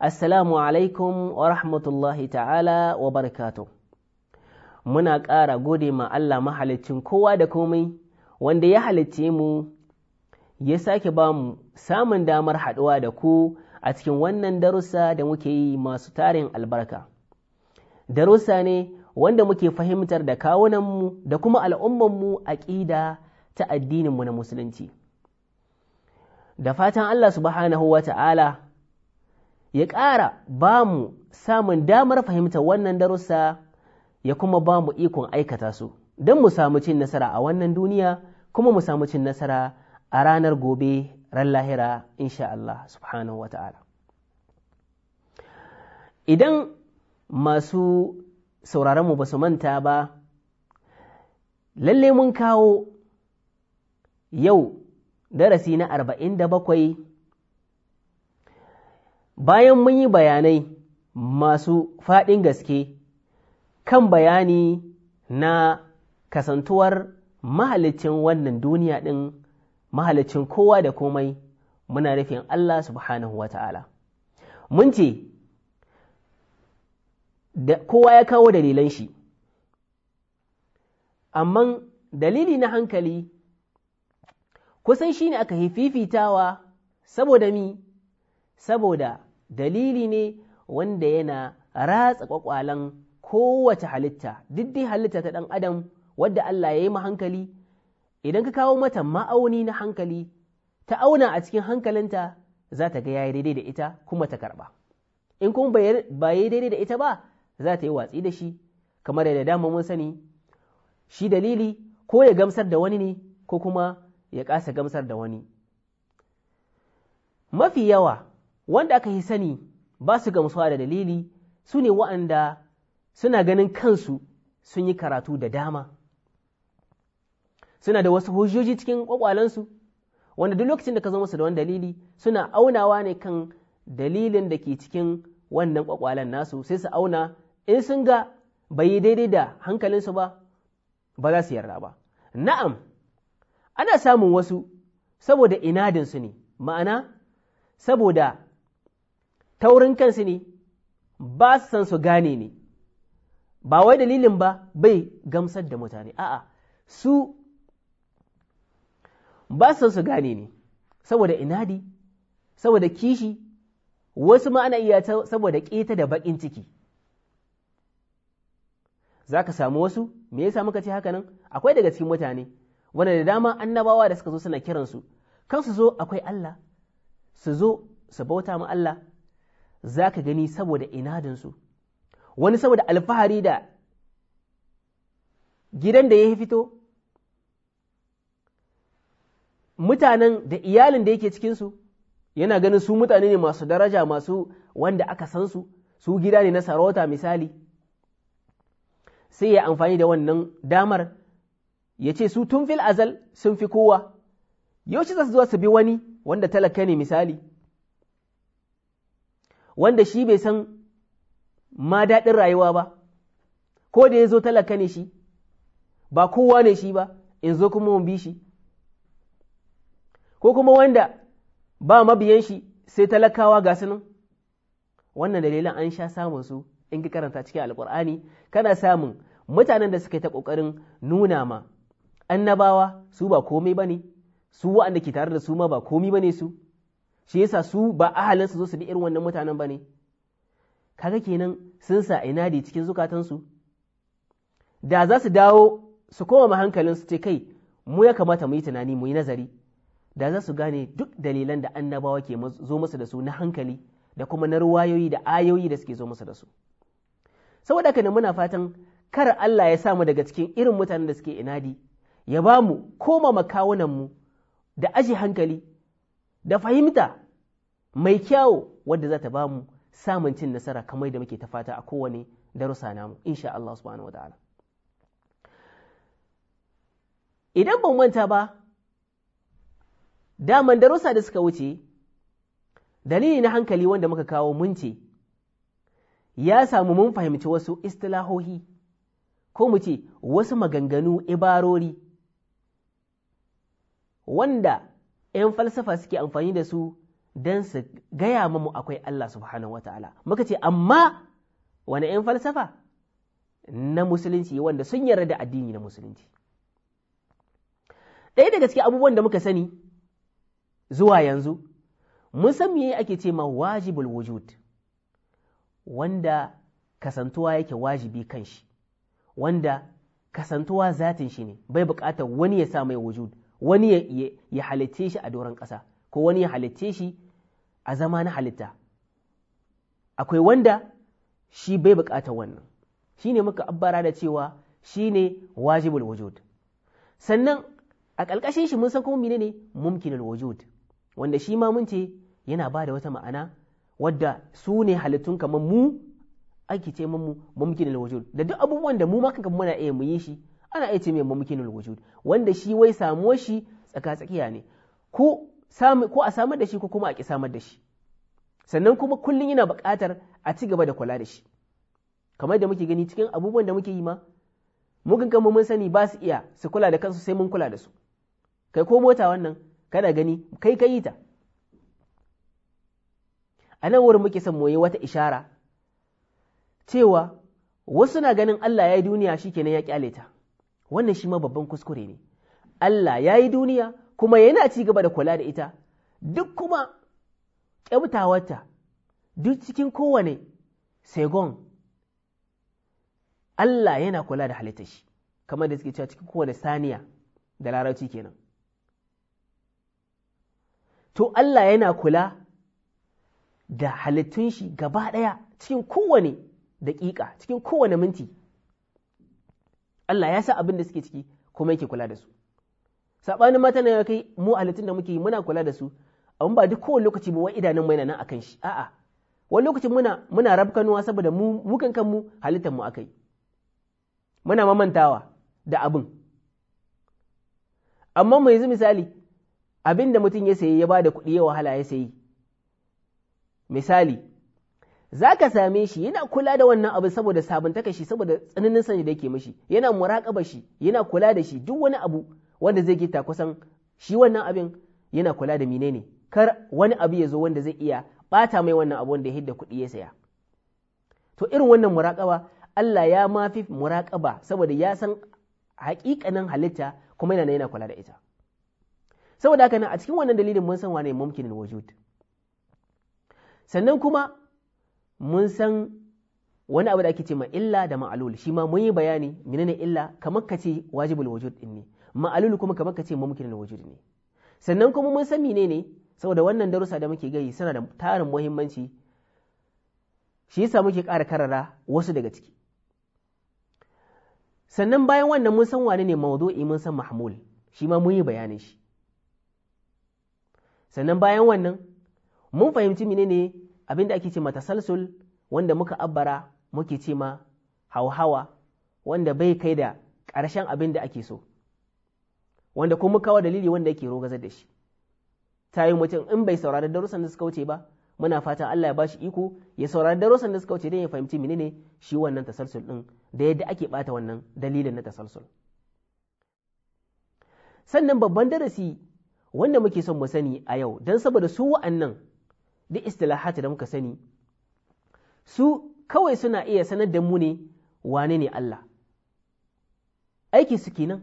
Assalamu alaikum wa rahmatullahi ta'ala wa barakatu. Muna ƙara gode ma Allah mahalicin kowa da komai wanda ya halicce mu ya sake ba mu samun damar haɗuwa da ku a cikin wannan darussa da muke yi masu tarin albarka. Darussa ne wanda muke fahimtar da kawunanmu da kuma al'ummanmu aƙida ta addininmu na Musulunci. Da fatan Allah subhanahu wa ta'ala ya ƙara ba mu samun damar fahimtar wannan darussa ya kuma ba mu ikon aikata su don mu samu cin nasara a wannan duniya kuma mu samu cin nasara a ranar gobe ran lahira insha Allah subhanahu wa ta'ala idan masu sauraronmu ba su manta ba lalle mun kawo yau darasi na arba'in da bakwai bayan mun yi bayanai masu faɗin gaske kan bayani na kasantuwar mahalicin wannan duniya ɗin mahalicin kowa da komai muna rufin Allah subhanahu wa ta'ala. Mun ce, kowa ya kawo dalilan shi, Amman dalili na hankali kusan shi ne aka fifitawa saboda mi, saboda dalili ne wanda yana ratsa kwakwalan kowace halitta duk dai halitta ta ɗan adam wadda Allah ya yi hankali idan ka kawo mata ma'auni na hankali ta auna a cikin hankalinta za ta ga yayi daidai da ita kuma ta karba in kuma ba yayi daidai da ita ba za ta yi watsi da shi kamar yadda dama mun sani shi dalili ko ya gamsar da wani ne ko kuma ya kasa gamsar da wani mafi yawa wanda aka yi sani ba su gamsuwa da dalili su ne wa'anda suna ganin kansu sun yi karatu da dama suna da wasu hujjoji cikin ƙwaƙwalensu wanda duk lokacin da ka zama su da wani dalili suna aunawa ne kan dalilin da ke cikin wannan kwakwalen nasu sai su auna in sun ga bai yi daidai da hankalinsu ba ba za su yarda ba na'am ana samun wasu saboda inadinsu ne ma'ana saboda Ta wurin kansu ne ba su san su gane ne ba wai dalilin ba bai gamsar da mutane a'a su ba su san su gane ne saboda inadi saboda kishi wasu ma ana iya saboda ƙeta da bakin ciki za ka samu wasu me yasa muka ce haka nan akwai daga cikin mutane wanda da dama annabawa da suka zo suna kiransu kan su zo akwai Allah su zo su bauta ma Allah za ka gani saboda inadinsu wani saboda alfahari da gidan da ya fito mutanen da iyalin da yake cikinsu yana ganin su mutane ne masu daraja masu wanda aka san su su gida ne na sarauta misali sai ya amfani da wannan damar ya ce su tun fil azal sun fi kowa yaushe za su zuwa su bi wani wanda talaka ne misali wanda shi bai san ma daɗin rayuwa ba ko da ya zo talaka ne shi ba kowa ne shi ba in zo kuma mun bi shi ko kuma wanda ba mabiyan shi sai talakawa ga sunan wannan dalilan an sha samun su in ka karanta cikin alkur'ani kana samun mutanen da suka yi ta ƙoƙarin nuna ma annabawa su ba komai ba ne su wa'anda ke tare da su ma ba komai ba ne su shi yasa su ba ahalin su zo su bi irin wannan mutanen ba ne kaga kenan sun sa inadi cikin zukatansu da za su dawo su koma ma hankalin su ce kai mu ya kamata mu yi tunani mu yi nazari da za su gane duk dalilan da annabawa ke zo musu da su na hankali da kuma na ruwayoyi da ayoyi da suke zo musu da su saboda haka muna fatan kar Allah ya sa mu daga cikin irin mutanen da suke inadi ya ba mu koma makawunan mu da aji hankali da fahimta mai kyawo wadda za ta ba mu samun cin nasara kamar da muke ta fata a kowane darussa namu insha Allah subhanahu wa ta'ala idan ban manta ba daman darussa da suka wuce dalili na hankali wanda muka kawo mun ce ya samu mun fahimci wasu istilahohi ko mu ce wasu maganganu ibarori wanda ‘yan falsafa suke amfani da su don su gaya mamu akwai Allah subhanahu wata'ala muka ce amma wani ‘yan falsafa na musulunci wanda sun yarda da addini na musulunci ɗaya daga cikin abubuwan da muka sani zuwa yanzu mun san me ake ce ma wajibul wujud wanda kasantuwa yake wajibi kan shi wanda kasantuwa zatin shi ne bai buƙatar wani ya sa mai wujud wani ya halicce shi a doron ƙasa ko wani ya halicce shi a zama na halitta akwai wanda shi bai buƙatar wannan shi ne muka abbara da cewa shi ne wajibul wujud sannan a ƙalƙashin shi mun san kuma mine ne mumkinul wujud wanda shi ma mun ce yana ba da wata ma'ana wadda su ne halittun kamar mu ake ce mu mumkinul wujud da duk abubuwan da mu ma kanka muna iya mu yi shi ana iya ce mai mumkinul wujud wanda shi wai samo shi tsaka-tsakiya ne ko a samar da shi ko kuma a ki samar da shi sannan kuma kullum yana buƙatar a ci gaba da kula da shi kamar da muke gani cikin abubuwan da muke yi ma mugun kanmu mun sani ba su iya su kula da kansu sai mun kula da su kai ko mota wannan kana gani kai ka ta a nan wurin muke son moye wata ishara cewa wasu na ganin Allah ya yi duniya shi kenan ya kyale ta wannan shi ma babban kuskure ne Allah ya yi duniya kuma yana ci gaba da kula da ita duk kuma ƙyabtawarta duk cikin kowane segon Allah yana kula da halittar shi kamar da suke cewa cikin kowane saniya da larabci kenan to Allah yana kula da halittun shi gaba ɗaya cikin kowane daƙiƙa cikin kowane minti Allah ya sa abin da suke ciki kuma yake kula da su saɓanin mata na kai mu halittun da muke muna kula da su amma ba duk kowane lokaci ba wai idanun mai nan akan shi a'a wani lokaci muna muna rabkanuwa saboda mu mukan kanmu halittar mu akai muna mamantawa da abin amma mu yanzu misali abin da mutum ya sayi ya ba da kuɗi ya wahala ya sayi misali za ka same shi yana kula da wannan abu saboda sabuntaka shi saboda tsananin sani da yake mishi yana muraƙaba shi yana kula da shi duk wani abu wanda zai gita kusan shi wannan abin yana kula da menene kar wani abu ya zo wanda zai iya bata mai wannan abu wanda ya hidda kuɗi ya saya to irin wannan muraƙaba Allah ya mafi muraƙaba saboda ya san haƙiƙanin halitta kuma yana yana kula da ita saboda haka a cikin wannan dalilin mun san wane mumkinin wujud sannan kuma mun san wani abu da ake ce ma illa da ma'alul shi ma mun yi bayani menene illa kamar ka ce wajibul wujud din ne ma'alul kuma kamar ka ce mumkinul wujud ne sannan kuma mun san menene saboda wannan darussa da muke gani suna da tarin muhimmanci shi yasa muke ƙara karara wasu daga ciki sannan bayan wannan mun san wane ne mawdu'i mun san mahmul shi ma mun yi bayanin shi sannan bayan wannan mun fahimci menene abin da ake ce ma tasalsul wanda muka abbara muke ce ma hauhawa wanda bai kai da ƙarshen abin da ake so wanda kuma kawo dalili wanda yake rogazar da shi ta yi mutum in bai saurari darussan da suka wuce ba muna fatan Allah ya bashi iko ya saurari darussan da suka wuce don ya fahimci menene shi wannan tasalsul din da yadda ake bata wannan dalilin na tasalsul sannan babban darasi wanda muke son mu sani a yau don saboda su wa'annan duk istilahati da muka sani su kawai suna iya sanar da mu ne wane ne Allah aiki su kenan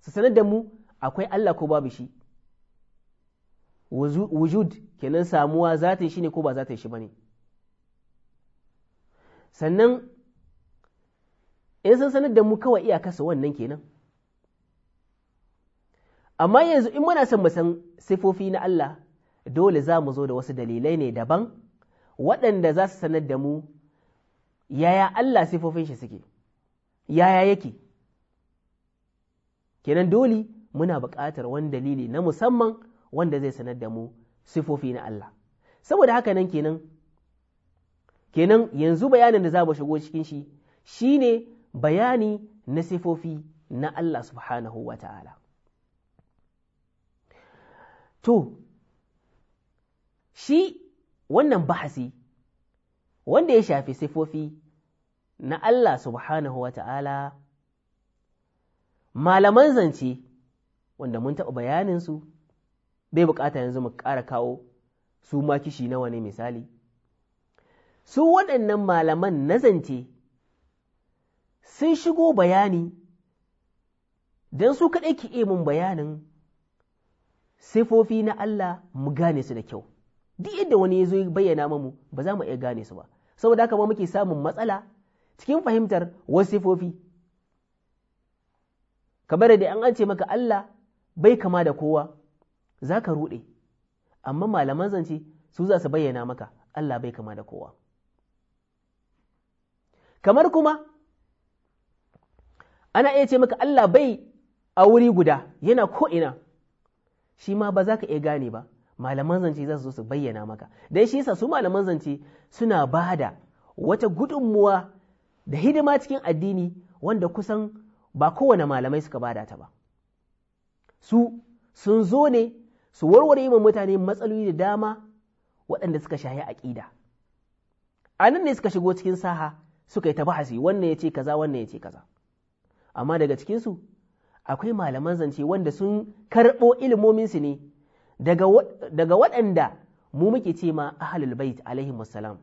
su sanar da mu akwai Allah ko babu shi wujud kenan samuwa zatin shi ne ko ba zata shi ba ne sannan in sun sanar da mu kawai iyakarsa wannan kenan amma yanzu in muna son mu sifofi na Allah dole za mu zo da wasu dalilai ne daban waɗanda za su sanar da mu yaya Allah sifofin shi suke yaya yake kenan dole muna buƙatar wani dalili na musamman wanda zai sanar da mu sifofi na Allah saboda haka nan kenan kenan yanzu bayanin da za mu shigo cikin shi shine bayani na sifofi na Allah subhanahu wa ta'ala to shi wannan bahasi wanda ya shafi sifofi na Allah subhanahu wa ta'ala malaman zance wanda mun taɓa bayaninsu bai bukata yanzu mu ƙara kawo su ma kishi nawa ne misali su waɗannan malaman na zance sun shigo bayani don su kaɗai ki mun bayanin sifofi na Allah mu gane su da kyau duk yadda wani ya zo bayyana mamu ba za mu iya gane su ba saboda haka ma muke samun matsala cikin fahimtar wasifofi kamar da an ce maka Allah bai kama da kowa za ka ruɗe amma malaman zance su za su bayyana maka Allah bai kama da kowa kamar kuma ana iya ce maka Allah bai a wuri guda yana ko'ina shi ma ba za ka iya gane ba malaman zance za su zo su bayyana maka da shi yasa su malaman zance suna ba da wata gudunmuwa da hidima cikin addini wanda kusan ba kowane malamai suka bada ta ba su sun zo ne su warware yi mutane matsaloli da dama waɗanda suka a ƙida. a nan ne suka shigo cikin saha suka yi ta bahasi wannan ya ce kaza wannan ya ce kaza amma daga cikinsu akwai malaman zance wanda sun karɓo ilimominsu ne daga waɗanda mu muke ce ma ahlul bait alaihi wasalam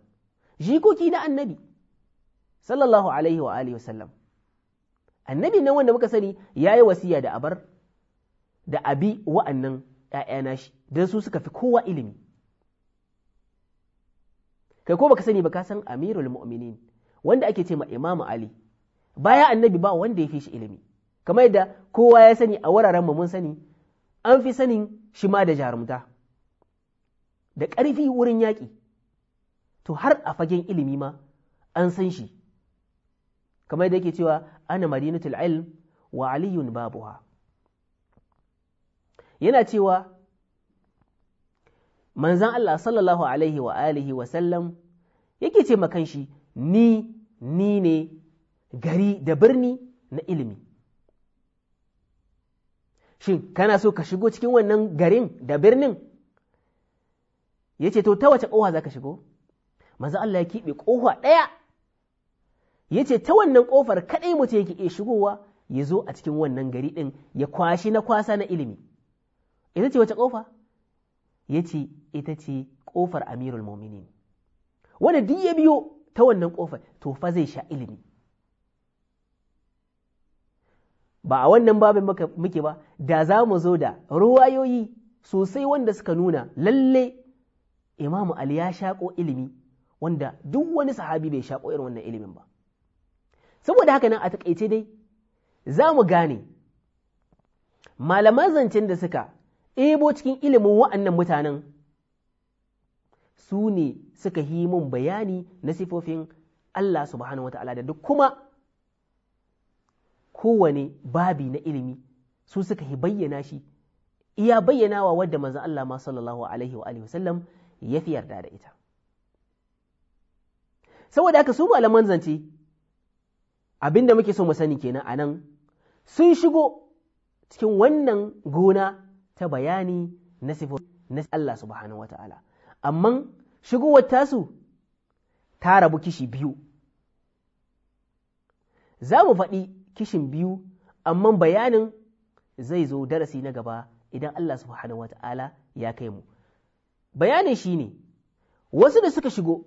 jikoki na annabi sallallahu alaihi wa alihi wasallam annabi nan wanda muka sani yayi wasiya da abar da abi wa'annan ƴaƴa nashi dan su suka fi kowa ilimi kai ko baka sani ba ka san amirul mu'minin wanda ake ce ma imamu ali baya annabi ba wanda ya fi shi ilimi kamar yadda kowa ya sani a wuraren mu mun sani an fi sanin shi ma da jarumta da ƙarfi wurin yaƙi to har a fagen ilimi ma an san shi kamar da yake cewa ana madinatul ilm wa aliyun babuha yana cewa manzan Allah sallallahu alaihi wa alihi wa sallam yake ce makanshi ni ni ne gari da birni na ilimi shin kana so ka shigo cikin wannan garin da birnin ya ce to ta wace ƙofa za ka shigo maza Allah ya kiɓe ƙofa ɗaya ya ce ta wannan ƙofar kaɗai mutum yake iya shigowa ya zo a cikin wannan gari ɗin ya kwashi na kwasa na ilimi ita ce wace ƙofa ya ce ita ce ƙofar amirul muminin wanda duk ya biyo ta wannan ƙofar to fa zai sha ilimi ba a wannan babin muke ba da za mu zo da ruwayoyi sosai wanda suka nuna lalle imamu ali ya shaƙo ilimi wanda duk wani sahabi bai shaƙo irin wannan ilimin ba saboda haka nan a taƙaice dai za mu gane malaman zancen da suka ebo cikin ilimin wa'annan mutanen su ne suka yi mun bayani na sifofin Allah subhanahu ta'ala da duk kuma kowane babi na ilimi su suka yi bayyana shi iya bayyanawa wadda manzan Allah ma sallallahu alaihi wa alihi wasallam ya fi yarda da ita saboda haka su malaman zance abinda muke so mu sani kenan anan sun shigo cikin wannan gona ta bayani na sifo na Allah subhanahu ta'ala amma shigowar tasu ta rabu kishi biyu za mu faɗi kishin biyu amma bayanin zai zo darasi na gaba idan Allah subhanahu wata'ala ya kai mu bayanin shine wasu da suka shigo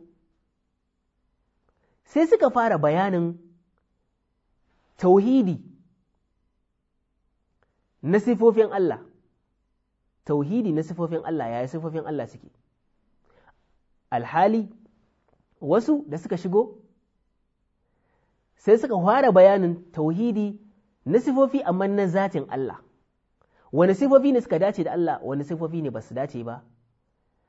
sai suka fara bayanin tauhidi na sifofin Allah tauhidi na sifofin Allah yaya sifofin Allah suke alhali wasu da suka shigo sai suka fara bayanin tauhidi na sifofi amma na zatin Allah wani sifofi ne suka dace da Allah wani sifofi ne ba su dace ba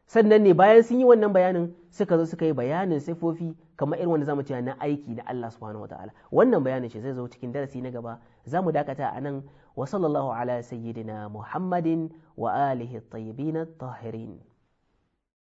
sannan ne bayan sun yi wannan bayanin suka zo suka yi bayanin sifofi kamar irin wanda zamu cewa na aiki na Allah subhanahu ta’ala. wannan bayanin shi zai zo cikin darasi na gaba Za mu dakata a nan wa sallallahu ala sayyidina muhammadin wa alihi tayyibina tahirin